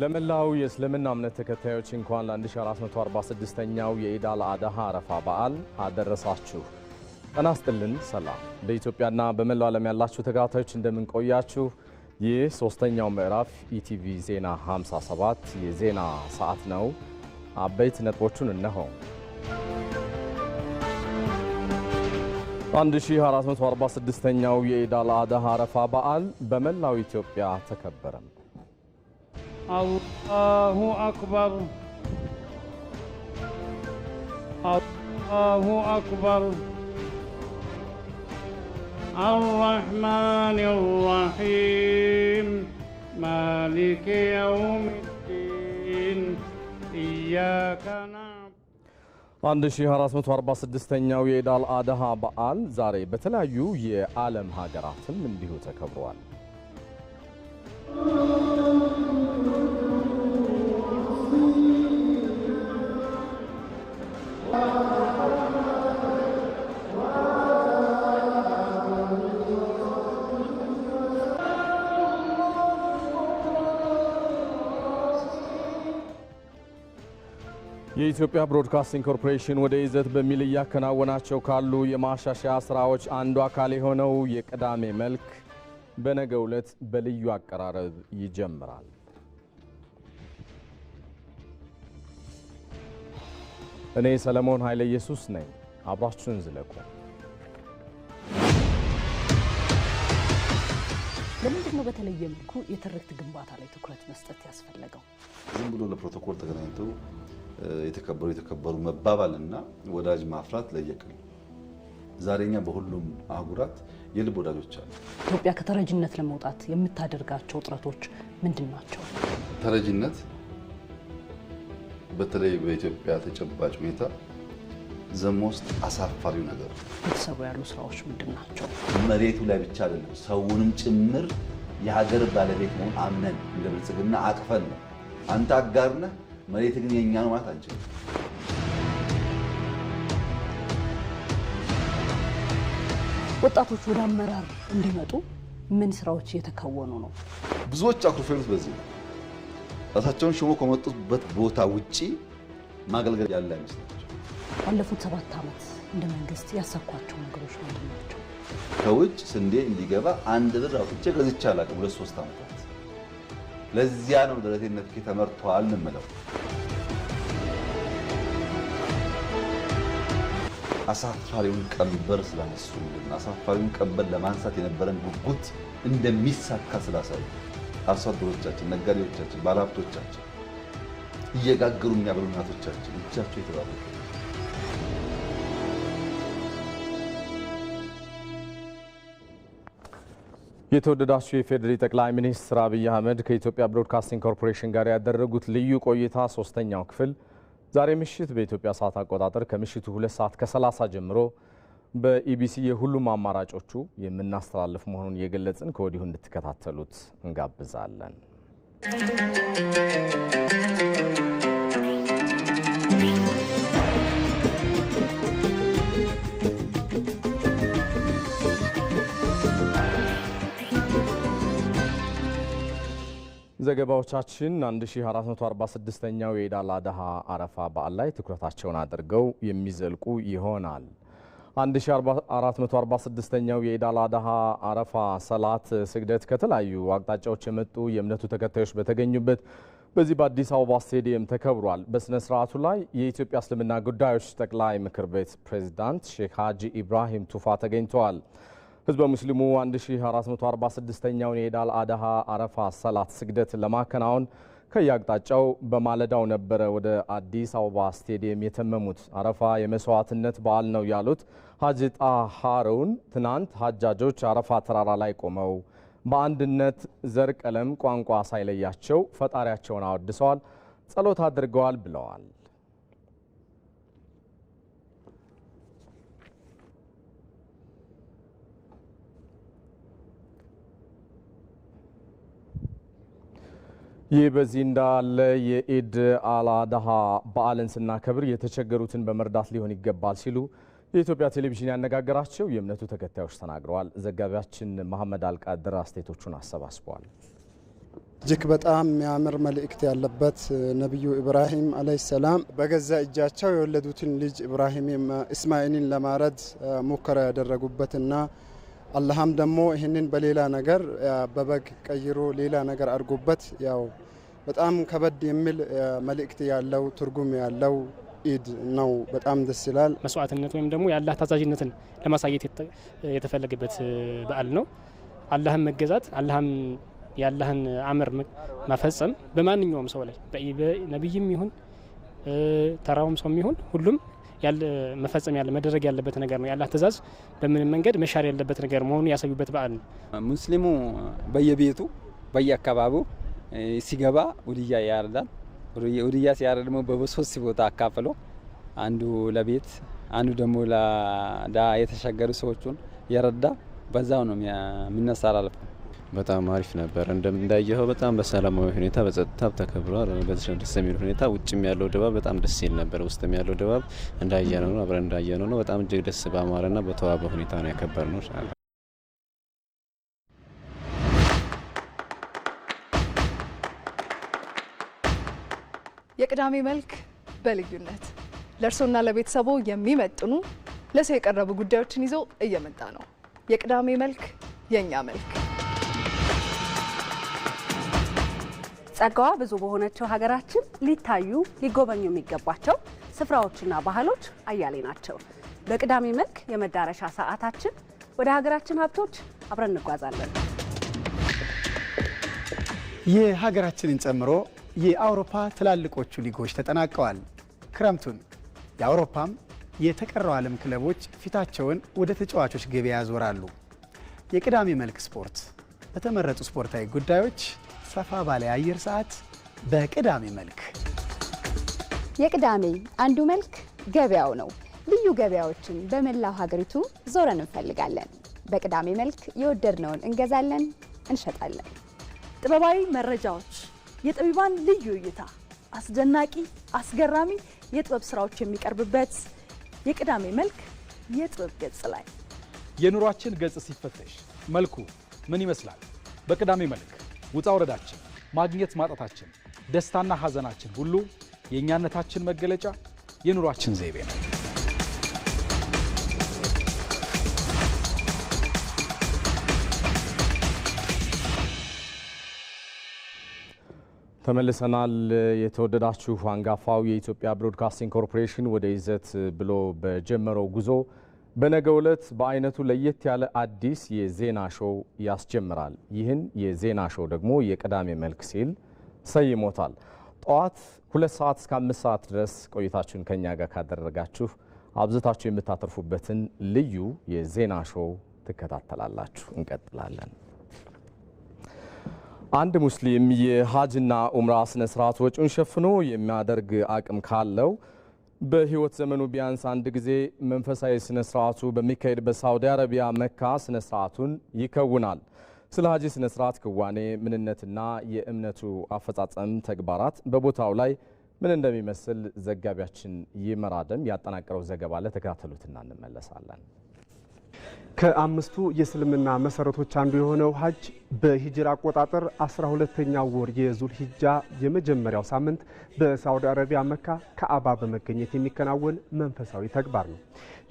ለመላው የእስልምና እምነት ተከታዮች እንኳን ለ1446ኛው የኢዳል አል አድሃ አረፋ በዓል አደረሳችሁ። ጤና ይስጥልን። ሰላም በኢትዮጵያና በመላው ዓለም ያላችሁ ተከታታዮች እንደምንቆያችሁ፣ ይህ ሶስተኛው ምዕራፍ ኢቲቪ ዜና 57 የዜና ሰዓት ነው። አበይት ነጥቦቹን እነሆ 1446ኛው የኢዳል አል አድሃ አረፋ በዓል በመላው ኢትዮጵያ ተከበረም። الله أكبر الله أكبر الرحمن الرحيم مالك يوم الدين إياك نعبد አንድ ሺህ አራት መቶ አርባ ስድስተኛው የኢድ አል አድሃ በዓል ዛሬ በተለያዩ የዓለም ሀገራትም እንዲሁ ተከብሯል። የኢትዮጵያ ብሮድካስቲንግ ኮርፖሬሽን ወደ ይዘት በሚል እያከናወናቸው ካሉ የማሻሻያ ስራዎች አንዱ አካል የሆነው የቅዳሜ መልክ በነገው ዕለት በልዩ አቀራረብ ይጀምራል። እኔ ሰለሞን ኃይለ ኢየሱስ ነኝ። አብራችሁን ዝለቁ። ለምንድን ነው በተለየ መልኩ የትርክት ግንባታ ላይ ትኩረት መስጠት ያስፈለገው? ዝም ብሎ ለፕሮቶኮል ተገናኝተው የተከበሩ የተከበሩ መባባል እና ወዳጅ ማፍራት ለየቅል ዛሬኛ በሁሉም አህጉራት የልብ ወዳጆች አሉ። ኢትዮጵያ ከተረጅነት ለመውጣት የምታደርጋቸው ጥረቶች ምንድን ናቸው? ተረጅነት በተለይ በኢትዮጵያ ተጨባጭ ሁኔታ ዘመ ውስጥ አሳፋሪው ነገር የተሰሩ ያሉ ስራዎች ምንድን ናቸው? መሬቱ ላይ ብቻ አይደለም ሰውንም ጭምር የሀገር ባለቤት መሆን አምነን እንደ ብልጽግና አቅፈን ነው። አንተ አጋር መሬት ግን የእኛ ነው ማለት አንችልም። ወጣቶች ወደ አመራር እንዲመጡ ምን ስራዎች እየተከወኑ ነው? ብዙዎች አኩርፈኑት በዚህ ነው። ራሳቸውን ሾሞ ከመጡበት ቦታ ውጪ ማገልገል ያለ አይመስላቸው። ባለፉት ሰባት ዓመት እንደ መንግስት ያሳኳቸው ነገሮች ምንድን ናቸው? ከውጭ ስንዴ እንዲገባ አንድ ብር አውጥቼ ገዝቼ አላውቅም። ሁለት ሶስት ዓመታት ለዚያ ነው ደረቴን ነፍኬ ተመርተዋል እንምለው አሳፋሪውን ቀንበር ስላነሱልን አሳፋሪውን ቀንበር ለማንሳት የነበረን ጉጉት እንደሚሳካ ስላሳዩ አርሶ አደሮቻችን፣ ነጋዴዎቻችን፣ ባለሀብቶቻችን እየጋገሩ የሚያበሉ እናቶቻችን እጃቸው የተባረከ የተወደዳችሁ የፌዴሪ ጠቅላይ ሚኒስትር አብይ አህመድ ከኢትዮጵያ ብሮድካስቲንግ ኮርፖሬሽን ጋር ያደረጉት ልዩ ቆይታ ሶስተኛው ክፍል ዛሬ ምሽት በኢትዮጵያ ሰዓት አቆጣጠር ከምሽቱ ሁለት ሰዓት ከ30 ጀምሮ በኢቢሲ የሁሉም አማራጮቹ የምናስተላልፍ መሆኑን የገለጽን ከወዲሁ እንድትከታተሉት እንጋብዛለን። ዘገባዎቻችን 1446ኛው የኢድ አል አድሃ አረፋ በዓል ላይ ትኩረታቸውን አድርገው የሚዘልቁ ይሆናል። 1446ኛው የኢድ አል አድሃ አረፋ ሰላት ስግደት ከተለያዩ አቅጣጫዎች የመጡ የእምነቱ ተከታዮች በተገኙበት በዚህ በአዲስ አበባ ስቴዲየም ተከብሯል። በሥነ ሥርዓቱ ላይ የኢትዮጵያ እስልምና ጉዳዮች ጠቅላይ ምክር ቤት ፕሬዚዳንት ሼክ ሀጂ ኢብራሂም ቱፋ ተገኝተዋል። ህዝበ ሙስሊሙ 1446ኛውን የኢድ አል አድሃ አረፋ ሰላት ስግደት ለማከናወን ከየአቅጣጫው በማለዳው ነበረ ወደ አዲስ አበባ ስቴዲየም የተመሙት። አረፋ የመስዋዕትነት በዓል ነው ያሉት ሀጂ ጣሃ ትናንት ሀጃጆች አረፋ ተራራ ላይ ቆመው በአንድነት ዘር፣ ቀለም፣ ቋንቋ ሳይለያቸው ፈጣሪያቸውን አወድሰዋል፣ ጸሎት አድርገዋል ብለዋል። ይህ በዚህ እንዳለ የኢድ አላድሃ በዓልን ስናከብር የተቸገሩትን በመርዳት ሊሆን ይገባል ሲሉ የኢትዮጵያ ቴሌቪዥን ያነጋገራቸው የእምነቱ ተከታዮች ተናግረዋል። ዘጋቢያችን መሐመድ አልቃድር አስተያየቶቹን አሰባስበዋል። እጅግ በጣም የሚያምር መልእክት ያለበት ነቢዩ ኢብራሂም አለይሂ ሰላም በገዛ እጃቸው የወለዱትን ልጅ ኢብራሂም እስማኤልን ለማረድ ሙከራ ያደረጉበትና አላህም ደግሞ ይህንን በሌላ ነገር በበግ ቀይሮ ሌላ ነገር አድርጎበት ያው በጣም ከበድ የሚል መልእክት ያለው ትርጉም ያለው ኢድ ነው። በጣም ደስ ይላል። መስዋዕትነት ወይም ደግሞ የአላህ ታዛዥነትን ለማሳየት የተፈለገበት በዓል ነው። አላህን መገዛት፣ አላህም የአላህን አምር መፈጸም በማንኛውም ሰው ላይ በነቢይም ይሁን ተራውም ሰው ይሁን ሁሉም መፈጸም ያለ መደረግ ያለበት ነገር ነው። የአላህ ትእዛዝ በምንም መንገድ መሻር ያለበት ነገር መሆኑን ያሳዩበት በዓል ነው። ሙስሊሙ በየቤቱ በየአካባቢው ሲገባ ውድያ ያርዳል። ውድያ ሲያርድ ደግሞ በሶስት ቦታ አካፍሎ አንዱ ለቤት አንዱ ደግሞ ለዳ የተሸገሩ ሰዎቹን የረዳ በዛው ነው የምናስተላልፈው። በጣም አሪፍ ነበር። እንዳየኸው በጣም በሰላማዊ ሁኔታ በጸጥታ ተከብሯል። በዚህ ደስ የሚል ሁኔታ ውጭም ያለው ድባብ በጣም ደስ ይል ነበር። ውስጥም ያለው ድባብ እንዳየ ነው አብረን እንዳየ ነው። ነው በጣም እጅግ ደስ በአማረና በተዋበ ሁኔታ ነው ያከበር ነው። የቅዳሜ መልክ በልዩነት ለእርሶና ለቤተሰቦ የሚመጥኑ ለሰው የቀረቡ ጉዳዮችን ይዞ እየመጣ ነው። የቅዳሜ መልክ የእኛ መልክ ጸጋዋ ብዙ በሆነችው ሀገራችን ሊታዩ ሊጎበኙ የሚገባቸው ስፍራዎችና ባህሎች አያሌ ናቸው። በቅዳሜ መልክ የመዳረሻ ሰዓታችን ወደ ሀገራችን ሀብቶች አብረን እንጓዛለን። የሀገራችንን ጨምሮ የአውሮፓ ትላልቆቹ ሊጎች ተጠናቀዋል። ክረምቱን የአውሮፓም የተቀረው ዓለም ክለቦች ፊታቸውን ወደ ተጫዋቾች ገበያ ያዞራሉ። የቅዳሜ መልክ ስፖርት በተመረጡ ስፖርታዊ ጉዳዮች ሰፋ ባለ የአየር ሰዓት በቅዳሜ መልክ የቅዳሜ አንዱ መልክ ገበያው ነው። ልዩ ገበያዎችን በመላው ሀገሪቱ ዞረን እንፈልጋለን። በቅዳሜ መልክ የወደድነውን እንገዛለን፣ እንሸጣለን። ጥበባዊ መረጃዎች፣ የጠቢባን ልዩ እይታ፣ አስደናቂ አስገራሚ የጥበብ ስራዎች የሚቀርብበት የቅዳሜ መልክ የጥበብ ገጽ ላይ የኑሯችን ገጽ ሲፈተሽ መልኩ ምን ይመስላል? በቅዳሜ መልክ ውጣ ውረዳችን፣ ማግኘት ማጣታችን፣ ደስታና ሐዘናችን ሁሉ የእኛነታችን መገለጫ፣ የኑሯችን ዘይቤ ነው። ተመልሰናል። የተወደዳችሁ አንጋፋው የኢትዮጵያ ብሮድካስቲንግ ኮርፖሬሽን ወደ ይዘት ብሎ በጀመረው ጉዞ በነገው ዕለት በአይነቱ ለየት ያለ አዲስ የዜና ሾው ያስጀምራል። ይህን የዜና ሾው ደግሞ የቅዳሜ መልክ ሲል ሰይሞታል። ጠዋት ሁለት ሰዓት እስከ አምስት ሰዓት ድረስ ቆይታችሁን ከኛ ጋር ካደረጋችሁ አብዝታችሁ የምታተርፉበትን ልዩ የዜና ሾው ትከታተላላችሁ። እንቀጥላለን። አንድ ሙስሊም የሀጅና ኡምራ ስነ ስርዓት ወጪውን ሸፍኖ የሚያደርግ አቅም ካለው በህይወት ዘመኑ ቢያንስ አንድ ጊዜ መንፈሳዊ ስነ ስርዓቱ በሚካሄድ ሳውዲ አረቢያ መካ ስነ ስርዓቱን ይከውናል። ስለ ሀጂ ስነ ስርዓት ክዋኔ ምንነትና የእምነቱ አፈጻጸም ተግባራት በቦታው ላይ ምን እንደሚመስል ዘጋቢያችን ይመራደም ያጠናቀረው ዘገባ ለተከታተሉትና እንመለሳለን። ከአምስቱ የእስልምና መሰረቶች አንዱ የሆነው ሀጅ በሂጅራ አቆጣጠር 12ተኛው ወር የዙል ሂጃ የመጀመሪያው ሳምንት በሳውዲ አረቢያ መካ ከአባ በመገኘት የሚከናወን መንፈሳዊ ተግባር ነው።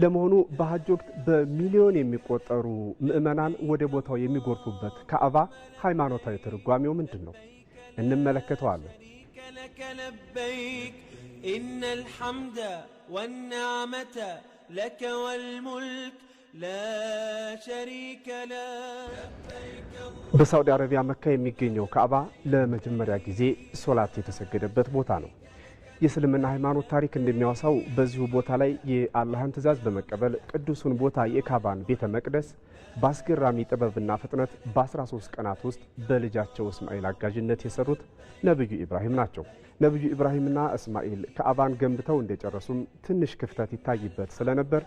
ለመሆኑ በሀጅ ወቅት በሚሊዮን የሚቆጠሩ ምዕመናን ወደ ቦታው የሚጎርፉበት ከአባ ሃይማኖታዊ ትርጓሜው ምንድን ነው? እንመለከተዋለን። ኢነ ልሐምደ ወናመተ ለከ ወልሙልክ በሳዑዲ አረቢያ መካ የሚገኘው ካዕባ ለመጀመሪያ ጊዜ ሶላት የተሰገደበት ቦታ ነው። የእስልምና ሃይማኖት ታሪክ እንደሚያወሳው በዚሁ ቦታ ላይ የአላህን ትእዛዝ በመቀበል ቅዱሱን ቦታ የካዕባን ቤተ መቅደስ በአስገራሚ ጥበብና ፍጥነት በ13 ቀናት ውስጥ በልጃቸው እስማኤል አጋዥነት የሰሩት ነቢዩ ኢብራሂም ናቸው። ነቢዩ ኢብራሂምና እስማኤል ካዕባን ገንብተው እንደጨረሱም ትንሽ ክፍተት ይታይበት ስለነበር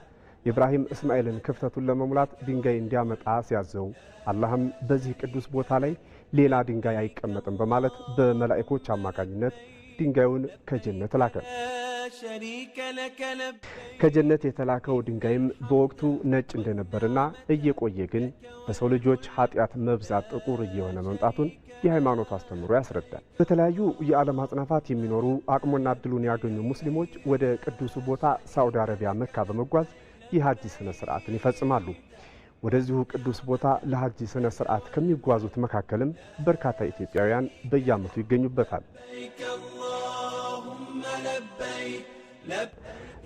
የብራሂም እስማኤልን ክፍተቱን ለመሙላት ድንጋይ እንዲያመጣ ሲያዘው አላህም በዚህ ቅዱስ ቦታ ላይ ሌላ ድንጋይ አይቀመጥም በማለት በመላእኮች አማካኝነት ድንጋዩን ከጀነት ላከ። ከጀነት የተላከው ድንጋይም በወቅቱ ነጭ እንደነበርና እየቆየ ግን በሰው ልጆች ኃጢአት መብዛት ጥቁር እየሆነ መምጣቱን የሃይማኖቱ አስተምሮ ያስረዳል። በተለያዩ የዓለም አጽናፋት የሚኖሩ አቅሞና እድሉን ያገኙ ሙስሊሞች ወደ ቅዱሱ ቦታ ሳዑዲ አረቢያ መካ በመጓዝ የሀጅ ስነ ስርዓትን ይፈጽማሉ። ወደዚሁ ቅዱስ ቦታ ለሀጅ ስነ ስርዓት ከሚጓዙት መካከልም በርካታ ኢትዮጵያውያን በየዓመቱ ይገኙበታል።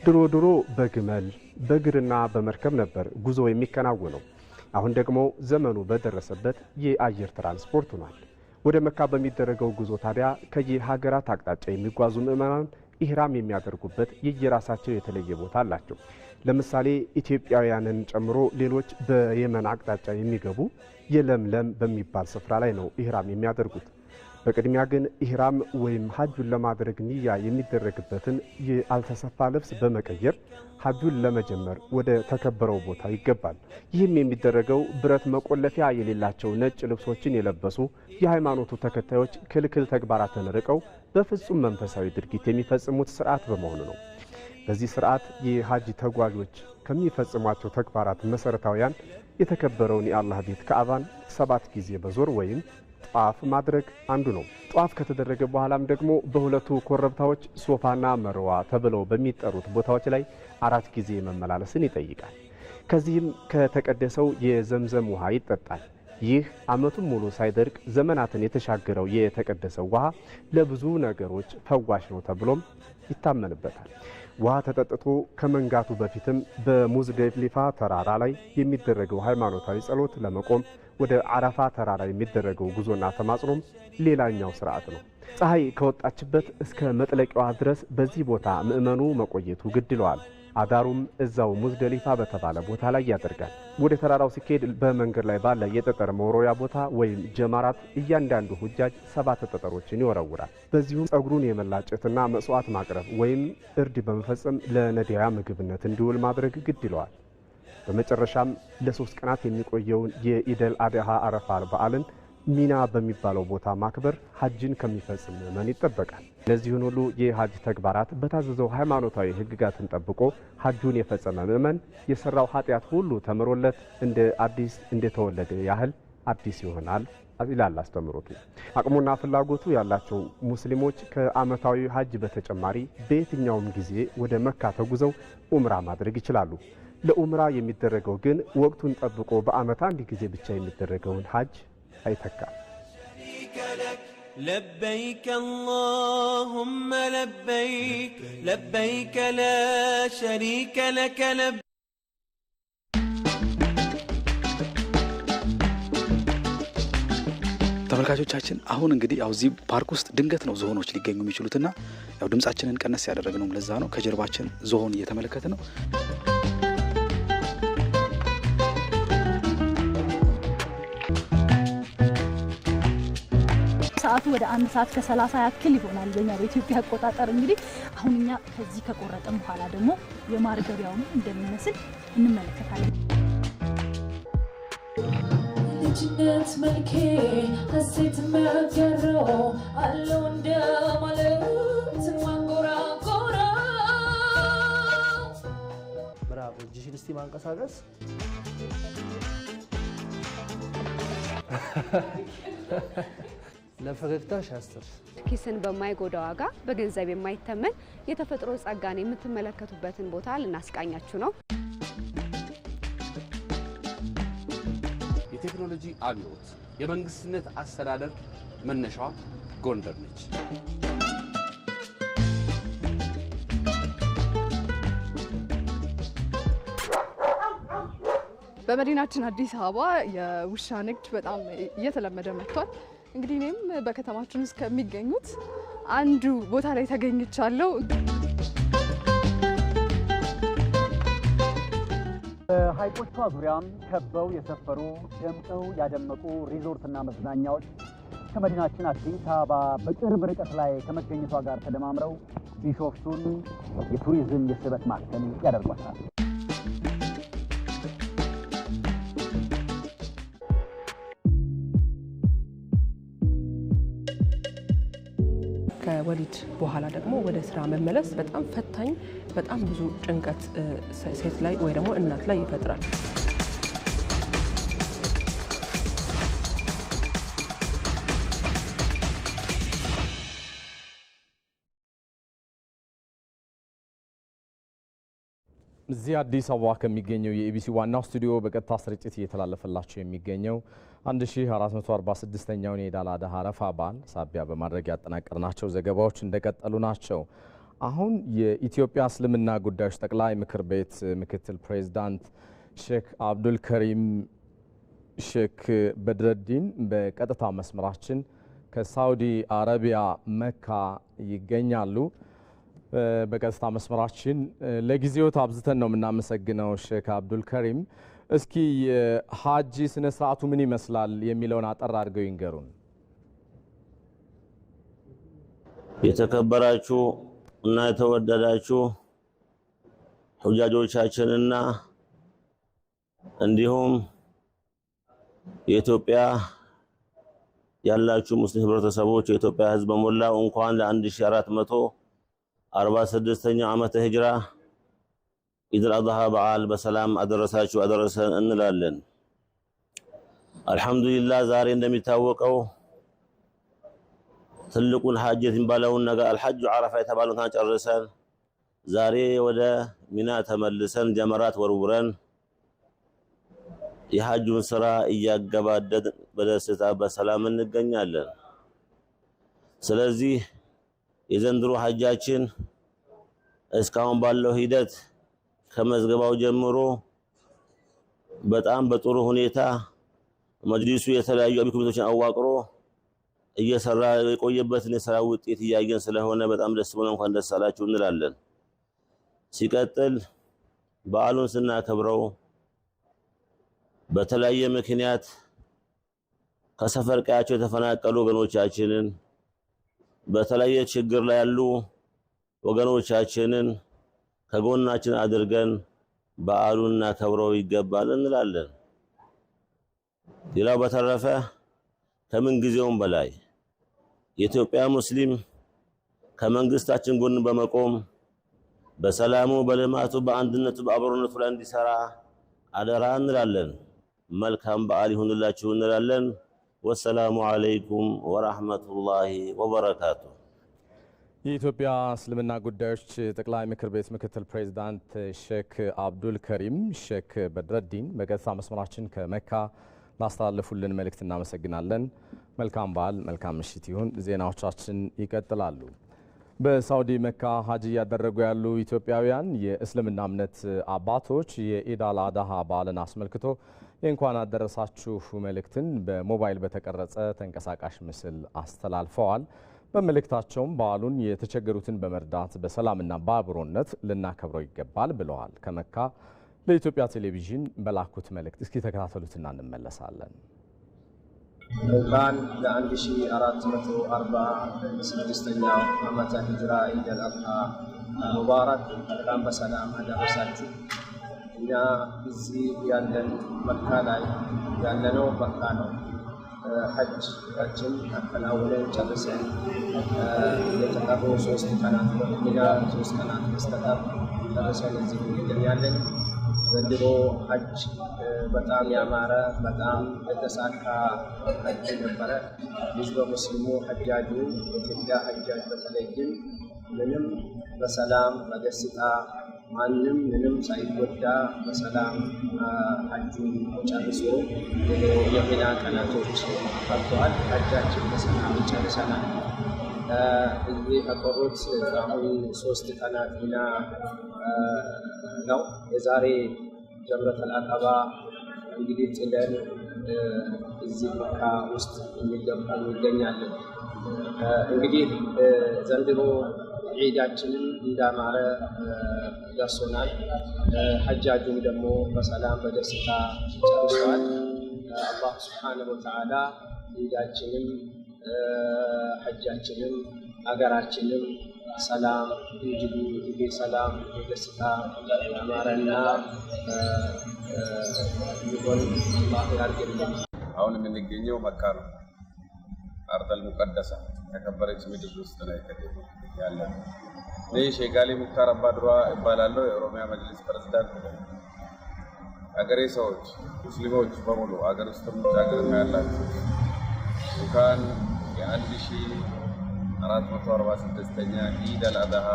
ድሮ ድሮ በግመል በእግርና በመርከብ ነበር ጉዞ የሚከናወነው። አሁን ደግሞ ዘመኑ በደረሰበት የአየር ትራንስፖርት ሆኗል። ወደ መካ በሚደረገው ጉዞ ታዲያ ከየሀገራት አቅጣጫ የሚጓዙ ምዕመናን ኢህራም የሚያደርጉበት የየራሳቸው የተለየ ቦታ አላቸው። ለምሳሌ ኢትዮጵያውያንን ጨምሮ ሌሎች በየመን አቅጣጫ የሚገቡ የለምለም በሚባል ስፍራ ላይ ነው ኢህራም የሚያደርጉት። በቅድሚያ ግን ኢህራም ወይም ሀጁን ለማድረግ ንያ የሚደረግበትን ያልተሰፋ ልብስ በመቀየር ሀጁን ለመጀመር ወደ ተከበረው ቦታ ይገባል። ይህም የሚደረገው ብረት መቆለፊያ የሌላቸው ነጭ ልብሶችን የለበሱ የሃይማኖቱ ተከታዮች ክልክል ተግባራትን ርቀው በፍጹም መንፈሳዊ ድርጊት የሚፈጽሙት ስርዓት በመሆኑ ነው። በዚህ ስርዓት የሀጂ ተጓዦች ከሚፈጽሟቸው ተግባራት መሠረታውያን የተከበረውን የአላህ ቤት ከአባን ሰባት ጊዜ በዞር ወይም ጧፍ ማድረግ አንዱ ነው። ጧፍ ከተደረገ በኋላም ደግሞ በሁለቱ ኮረብታዎች ሶፋና መርዋ ተብለው በሚጠሩት ቦታዎች ላይ አራት ጊዜ መመላለስን ይጠይቃል። ከዚህም ከተቀደሰው የዘምዘም ውሃ ይጠጣል። ይህ ዓመቱን ሙሉ ሳይደርቅ ዘመናትን የተሻገረው የተቀደሰው ውሃ ለብዙ ነገሮች ፈዋሽ ነው ተብሎም ይታመንበታል። ውሃ ተጠጥቶ ከመንጋቱ በፊትም በሙዝደሊፋ ተራራ ላይ የሚደረገው ሃይማኖታዊ ጸሎት ለመቆም ወደ አረፋ ተራራ የሚደረገው ጉዞና ተማጽኖም ሌላኛው ስርዓት ነው። ፀሐይ ከወጣችበት እስከ መጥለቂያዋ ድረስ በዚህ ቦታ ምእመኑ መቆየቱ ግድለዋል። አዳሩም እዛው ሙዝደሊፋ በተባለ ቦታ ላይ ያደርጋል። ወደ ተራራው ሲካሄድ በመንገድ ላይ ባለ የጠጠር መወርወሪያ ቦታ ወይም ጀማራት እያንዳንዱ ሁጃጅ ሰባት ጠጠሮችን ይወረውራል። በዚሁም ጸጉሩን የመላጨትና መስዋዕት ማቅረብ ወይም እርድ በመፈጸም ለነዳያ ምግብነት እንዲውል ማድረግ ግድ ይለዋል። በመጨረሻም ለሶስት ቀናት የሚቆየውን የኢደል አድሃ አረፋ በዓልን ሚና በሚባለው ቦታ ማክበር ሀጅን ከሚፈጽም ምዕመን ይጠበቃል። እነዚህን ሁሉ የሀጅ ተግባራት በታዘዘው ሃይማኖታዊ ሕግጋትን ጠብቆ ሀጁን የፈጸመ ምዕመን የሰራው ኃጢአት ሁሉ ተምሮለት እንደ አዲስ እንደተወለደ ያህል አዲስ ይሆናል ይላል አስተምሮቱ። አቅሙና ፍላጎቱ ያላቸው ሙስሊሞች ከዓመታዊ ሀጅ በተጨማሪ በየትኛውም ጊዜ ወደ መካ ተጉዘው ኡምራ ማድረግ ይችላሉ። ለኡምራ የሚደረገው ግን ወቅቱን ጠብቆ በዓመት አንድ ጊዜ ብቻ የሚደረገውን ሀጅ አይተካም። ለበይከ አላሁመ ለበይክ ለበይከ ላ ሸሪከ ለከ ለበይክ ተመልካቾቻችን አሁን እንግዲህ ያው እዚህ ፓርክ ውስጥ ድንገት ነው ዝሆኖች ሊገኙ የሚችሉትና ያው ድምጻችንን ቀነስ ያደረግነው ለዛ ነው። ከጀርባችን ዝሆን እየተመለከት ነው። ወደ አንድ ሰዓት ከሰላሳ ያክል ይሆናል በኛ በኢትዮጵያ አቆጣጠር። እንግዲህ አሁን እኛ ከዚህ ከቆረጠን በኋላ ደግሞ የማርገቢያውን እንደሚመስል እንመለከታለን። ልጅነት መልኬ ሀሴት መብት አለው እንደ ማንጎራጎራ ብራቮ። እጅሽን እስቲ ማንቀሳቀስ Ha ha ha. ለፈገግታሽ አስር ኪስን በማይጎዳ ዋጋ በገንዘብ የማይተመን የተፈጥሮ ጸጋን የምትመለከቱበትን ቦታ ልናስቃኛችሁ ነው። የቴክኖሎጂ አብዮት የመንግስትነት አስተዳደር መነሻዋ ጎንደር ነች። በመዲናችን አዲስ አበባ የውሻ ንግድ በጣም እየተለመደ መጥቷል። እንግዲህ እኔም በከተማችን ውስጥ ከሚገኙት አንዱ ቦታ ላይ ተገኝቻለሁ። በሀይቆቿ ዙሪያም ከበው የሰፈሩ ደምቀው ያደመቁ ሪዞርትና መዝናኛዎች ከመዲናችን አዲስ አበባ በቅርብ ርቀት ላይ ከመገኘቷ ጋር ተደማምረው ቢሾፍቱን የቱሪዝም የስበት ማዕከል ያደርጓታል። ከወሊድ በኋላ ደግሞ ወደ ስራ መመለስ በጣም ፈታኝ፣ በጣም ብዙ ጭንቀት ሴት ላይ ወይ ደግሞ እናት ላይ ይፈጥራል። እዚህ አዲስ አበባ ከሚገኘው የኢቢሲ ዋናው ስቱዲዮ በቀጥታ ስርጭት እየተላለፈላቸው የሚገኘው 1446ኛውን የኢድ አል አድሃ አረፋ በዓል ሳቢያ በማድረግ ያጠናቀርናቸው ዘገባዎች እንደቀጠሉ ናቸው። አሁን የኢትዮጵያ እስልምና ጉዳዮች ጠቅላይ ምክር ቤት ምክትል ፕሬዝዳንት ሼክ አብዱል ከሪም ሼክ በድረዲን በቀጥታ መስመራችን ከሳውዲ አረቢያ መካ ይገኛሉ። በቀጥታ መስመራችን ለጊዜው ታብዝተን ነው የምናመሰግነው ሼክ አብዱል ከሪም። እስኪ ሀጂ ስነ ስርዓቱ ምን ይመስላል የሚለውን አጠር አድርገው ይንገሩን። የተከበራችሁ እና የተወደዳችሁ ሁጃጆቻችንና እንዲሁም የኢትዮጵያ ያላችሁ ሙስሊም ህብረተሰቦች የኢትዮጵያ ህዝብ በሞላው እንኳን ለ1400 አርባ ስድስተኛው ዓመተ ህጅራ ኢድል አድሃ በዓል በሰላም አደረሳችሁ አደረሰን እንላለን። አልሐምዱሊላ ዛሬ እንደሚታወቀው ትልቁን ሀጅ የሚባለውን ነገር አልሐጁ ዓረፋ የተባለውን ጨርሰን ዛሬ ወደ ሚና ተመልሰን ጀመራት ወርውረን የሀጁን ስራ እያገባደድ በደስታ በሰላም እንገኛለን። ስለዚህ የዘንድሮ ሀጃችን እስካሁን ባለው ሂደት ከመዝገባው ጀምሮ በጣም በጥሩ ሁኔታ መጅሊሱ የተለያዩ አብይ ኮሚቴዎችን አዋቅሮ እየሰራ የቆየበትን የስራ ውጤት እያየን ስለሆነ በጣም ደስ ብሎ እንኳን ደስ አላችሁ እንላለን። ሲቀጥል በዓሉን ስናከብረው በተለያየ ምክንያት ከሰፈር ቀያቸው የተፈናቀሉ ወገኖቻችንን በተለያየ ችግር ላይ ያሉ ወገኖቻችንን ከጎናችን አድርገን በዓሉን እናከብረው ይገባል እንላለን። ሌላው በተረፈ ከምን ጊዜውም በላይ የኢትዮጵያ ሙስሊም ከመንግስታችን ጎን በመቆም በሰላሙ፣ በልማቱ፣ በአንድነቱ፣ በአብሮነቱ ላይ እንዲሰራ አደራ እንላለን። መልካም በዓል ይሁንላችሁ እንላለን። ወሰላሙ አለይኩም ወራህመቱላሂ ወበረካቱ። የኢትዮጵያ እስልምና ጉዳዮች ጠቅላይ ምክር ቤት ምክትል ፕሬዚዳንት ሼክ አብዱል ከሪም ሼክ በድረዲን በቀጥታ መስመራችን ከመካ ላስተላለፉልን መልእክት እናመሰግናለን። መልካም በዓል፣ መልካም ምሽት ይሁን። ዜናዎቻችን ይቀጥላሉ። በሳውዲ መካ ሀጅ እያደረጉ ያሉ ኢትዮጵያውያን የእስልምና እምነት አባቶች የኢዳል አል አድሃ በዓልን አስመልክቶ የእንኳን አደረሳችሁ መልእክትን በሞባይል በተቀረጸ ተንቀሳቃሽ ምስል አስተላልፈዋል። በመልእክታቸውም በዓሉን የተቸገሩትን በመርዳት በሰላምና በአብሮነት ልናከብረው ይገባል ብለዋል። ከመካ ለኢትዮጵያ ቴሌቪዥን በላኩት መልእክት እስኪ ተከታተሉትና እንመለሳለን። ለአንድ እንኳን ለ1446ኛ ዓመተ ሂጅራ ኢደል አድሃ ሙባረክ በጣም በሰላም አደረሳችሁ። እኛ እዚህ ያለን መካ ላይ ያለነው መካ ነው። ሐጅ ችን አከናውነን ጨርሰን የተቀሩ ሶስት ቀናት በሚዳ ሶስት ቀናት መስተቀር ጨርሰን እዚህ እንገኛለን። ዘንድሮ ሀጅ በጣም ያማረ በጣም የተሳካ ሀጅ ነበረ። ህዝበ ሙስሊሙ ሀጃጁ የኢትዮጵያ ሀጃጅ በተለይ ግን ምንም በሰላም በደስታ ማንም ምንም ሳይጎዳ በሰላም ሀጁን ጨርሶ የሚና ቀናቶች ፈርተዋል። ሀጃችን በሰላም ጨርሰናል። እዚህ ያቆሩት አሁን ሶስት ቀናት ና ነው። የዛሬ ጀምረተል አቀባ እንግዲህ ጥለን እዚህ መካ ውስጥ እንገኛለን። እንግዲህ ዘንድሮ ዒዳችንን እንዳማረ ደርሶናል። ሐጃጁም ደግሞ በሰላም በደስታ ጨርሰዋል። አላህ ስብሓነሁ ወተዓላ ዒዳችንን ሀጃችንም ሀገራችንም ሰላም እንጅሉ ጊዜ ሰላም የደስታ ያማረና ሊሆን ያርግልን። አሁን የምንገኘው መካ ነው። አርተል ሙቀደሳ ተከበረች ምድር ውስጥ ነው ላይ ያለ ይህ ሼጋሊ ሙክታር አባድሯ ይባላለሁ። የኦሮሚያ መጅሊስ ፕሬዝዳንት አገሬ ሰዎች ሙስሊሞች በሙሉ አገር ውስጥ ውጭ ሀገር ያላችሁ እንኳን የአንድ ሺ አራት መቶ አርባ ስድስተኛ ኢድ አልአድሃ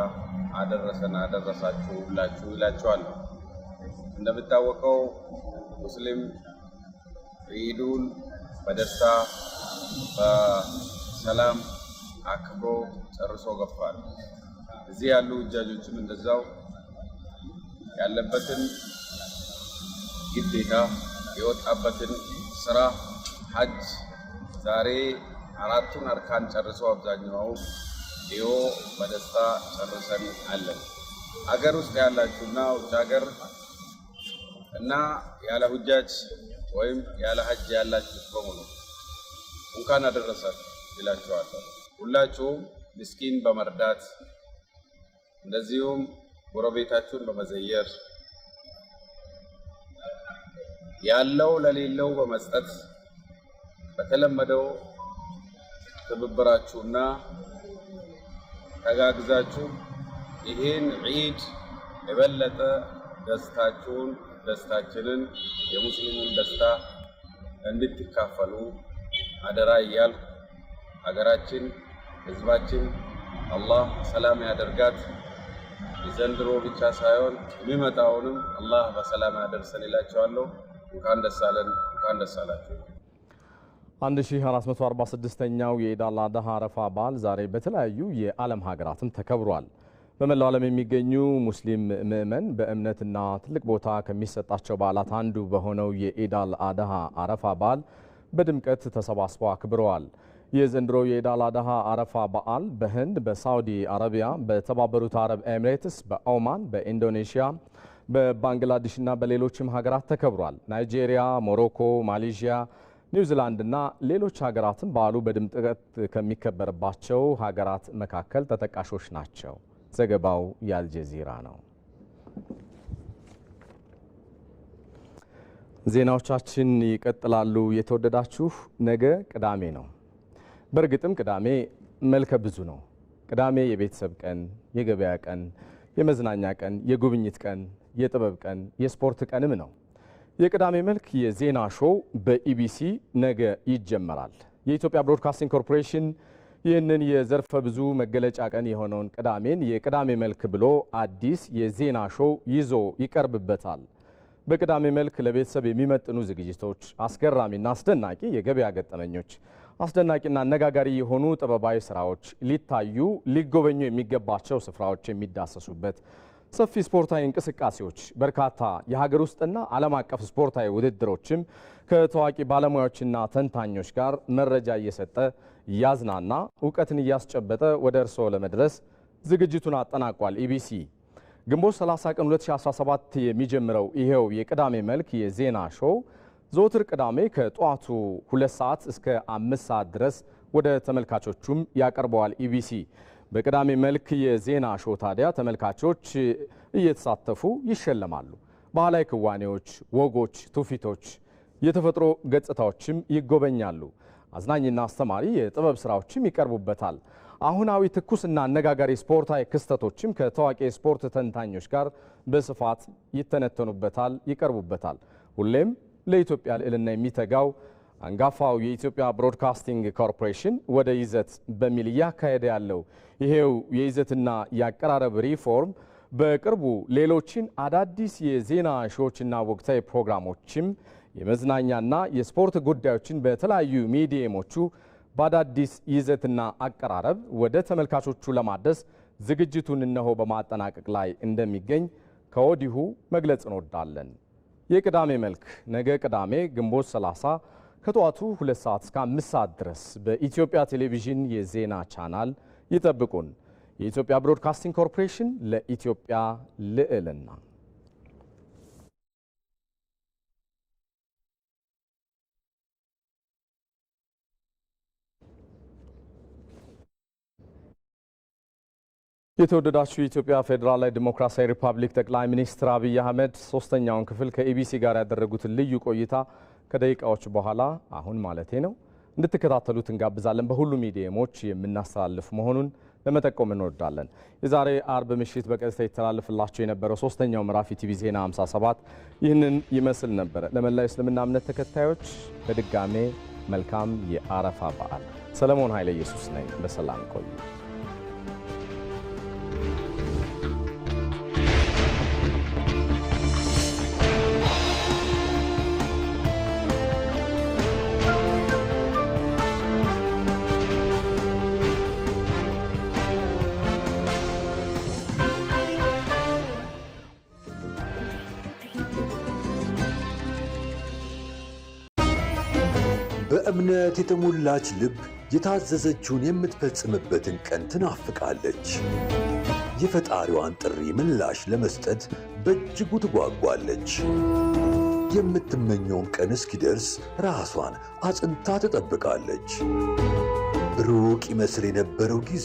አደረሰን አደረሳችሁ ሁላችሁ ይላችኋል። እንደሚታወቀው ሙስሊም ኢዱን በደስታ በሰላም አክብሮ ጨርሶ ገፋል። እዚህ ያሉ እጃጆችም እንደዛው ያለበትን ግዴታ የወጣበትን ስራ ሀጅ ዛሬ አራቱን አርካን ጨርሶ አብዛኛው ዲዮ በደስታ ጨርሰን አለን። አገር ውስጥ ያላችሁና ውጭ ሀገር እና ያለ ሁጃጅ ወይም ያለ ሀጅ ያላችሁ በሙሉ እንኳን አደረሰን ይላችኋለሁ። ሁላችሁም ምስኪን በመርዳት እንደዚሁም ጎረቤታችሁን በመዘየር ያለው ለሌለው በመስጠት በተለመደው ትብብራችሁና ተጋግዛችሁ ይህን ዒድ የበለጠ ደስታችሁን ደስታችንን የሙስሊሙን ደስታ እንድትካፈሉ አደራ እያልኩ ሀገራችን ህዝባችን አላህ ሰላም ያደርጋት። የዘንድሮ ብቻ ሳይሆን የሚመጣውንም አላህ በሰላም ያደርሰን ይላቸዋለሁ። እንኳን ደስ አለን፣ እንኳን ደስ አላችሁ። 1446ኛው የኢድ አል አድሃ አረፋ በዓል ዛሬ በተለያዩ የዓለም ሀገራትም ተከብሯል። በመላው ዓለም የሚገኙ ሙስሊም ምእመን በእምነትና ትልቅ ቦታ ከሚሰጣቸው በዓላት አንዱ በሆነው የኢድ አል አድሃ አረፋ በዓል በድምቀት ተሰባስበው አክብረዋል። የዘንድሮ የኢድ አል አድሃ አረፋ በዓል በህንድ፣ በሳውዲ አረቢያ፣ በተባበሩት አረብ ኤሚሬትስ፣ በኦማን፣ በኢንዶኔሽያ በባንግላዴሽና በሌሎችም ሀገራት ተከብሯል። ናይጄሪያ፣ ሞሮኮ፣ ማሌዥያ ኒውዚላንድና ሌሎች ሀገራትም በዓሉ በድምቀት ከሚከበርባቸው ሀገራት መካከል ተጠቃሾች ናቸው። ዘገባው የአልጀዚራ ነው። ዜናዎቻችን ይቀጥላሉ። የተወደዳችሁ ነገ ቅዳሜ ነው። በእርግጥም ቅዳሜ መልከ ብዙ ነው። ቅዳሜ የቤተሰብ ቀን፣ የገበያ ቀን፣ የመዝናኛ ቀን፣ የጉብኝት ቀን፣ የጥበብ ቀን፣ የስፖርት ቀንም ነው። የቅዳሜ መልክ የዜና ሾው በኢቢሲ ነገ ይጀመራል። የኢትዮጵያ ብሮድካስቲንግ ኮርፖሬሽን ይህንን የዘርፈ ብዙ መገለጫ ቀን የሆነውን ቅዳሜን የቅዳሜ መልክ ብሎ አዲስ የዜና ሾው ይዞ ይቀርብበታል። በቅዳሜ መልክ ለቤተሰብ የሚመጥኑ ዝግጅቶች፣ አስገራሚና አስደናቂ የገበያ ገጠመኞች፣ አስደናቂና አነጋጋሪ የሆኑ ጥበባዊ ስራዎች፣ ሊታዩ ሊጎበኙ የሚገባቸው ስፍራዎች የሚዳሰሱበት ሰፊ ስፖርታዊ እንቅስቃሴዎች፣ በርካታ የሀገር ውስጥና ዓለም አቀፍ ስፖርታዊ ውድድሮችም ከታዋቂ ባለሙያዎችና ተንታኞች ጋር መረጃ እየሰጠ እያዝናና እውቀትን እያስጨበጠ ወደ እርስዎ ለመድረስ ዝግጅቱን አጠናቋል። ኢቢሲ ግንቦት 30 ቀን 2017 የሚጀምረው ይኸው የቅዳሜ መልክ የዜና ሾው ዘወትር ቅዳሜ ከጠዋቱ 2 ሰዓት እስከ 5 ሰዓት ድረስ ወደ ተመልካቾቹም ያቀርበዋል ኢቢሲ በቅዳሜ መልክ የዜና ሾው ታዲያ ተመልካቾች እየተሳተፉ ይሸለማሉ። ባህላዊ ክዋኔዎች፣ ወጎች፣ ትውፊቶች፣ የተፈጥሮ ገጽታዎችም ይጎበኛሉ። አዝናኝና አስተማሪ የጥበብ ስራዎችም ይቀርቡበታል። አሁናዊ ትኩስና አነጋጋሪ ስፖርታዊ ክስተቶችም ከታዋቂ የስፖርት ተንታኞች ጋር በስፋት ይተነተኑበታል፣ ይቀርቡበታል። ሁሌም ለኢትዮጵያ ልዕልና የሚተጋው አንጋፋው የኢትዮጵያ ብሮድካስቲንግ ኮርፖሬሽን ወደ ይዘት በሚል እያካሄደ ያለው ይሄው የይዘትና የአቀራረብ ሪፎርም በቅርቡ ሌሎችን አዳዲስ የዜና ሾዎችና ወቅታዊ ፕሮግራሞችም የመዝናኛና የስፖርት ጉዳዮችን በተለያዩ ሚዲየሞቹ በአዳዲስ ይዘትና አቀራረብ ወደ ተመልካቾቹ ለማድረስ ዝግጅቱን እነሆ በማጠናቀቅ ላይ እንደሚገኝ ከወዲሁ መግለጽ እንወዳለን። የቅዳሜ መልክ ነገ ቅዳሜ ግንቦት 30 ከጠዋቱ ሁለት ሰዓት እስከ አምስት ሰዓት ድረስ በኢትዮጵያ ቴሌቪዥን የዜና ቻናል ይጠብቁን። የኢትዮጵያ ብሮድካስቲንግ ኮርፖሬሽን ለኢትዮጵያ ልዕልና የተወደዳችሁ የኢትዮጵያ ፌዴራላዊ ዲሞክራሲያዊ ሪፐብሊክ ጠቅላይ ሚኒስትር አብይ አህመድ ሶስተኛውን ክፍል ከኢቢሲ ጋር ያደረጉትን ልዩ ቆይታ ከደቂቃዎች በኋላ አሁን ማለቴ ነው እንድትከታተሉት እንጋብዛለን። በሁሉ ሚዲየሞች የምናስተላልፍ መሆኑን ለመጠቆም እንወዳለን። የዛሬ አርብ ምሽት በቀጥታ ይተላለፍላቸው የነበረው ሶስተኛው ምዕራፍ ቲቪ ዜና 57 ይህንን ይመስል ነበረ። ለመላው እስልምና እምነት ተከታዮች በድጋሜ መልካም የአረፋ በዓል። ሰለሞን ኃይለ ኢየሱስ ነኝ። በሰላም ቆዩ። በእምነት የተሞላች ልብ የታዘዘችውን የምትፈጽምበትን ቀን ትናፍቃለች። የፈጣሪዋን ጥሪ ምላሽ ለመስጠት በእጅጉ ትጓጓለች። የምትመኘውን ቀን እስኪደርስ ራሷን አጽንታ ትጠብቃለች። ሩቅ ይመስል የነበረው ጊዜ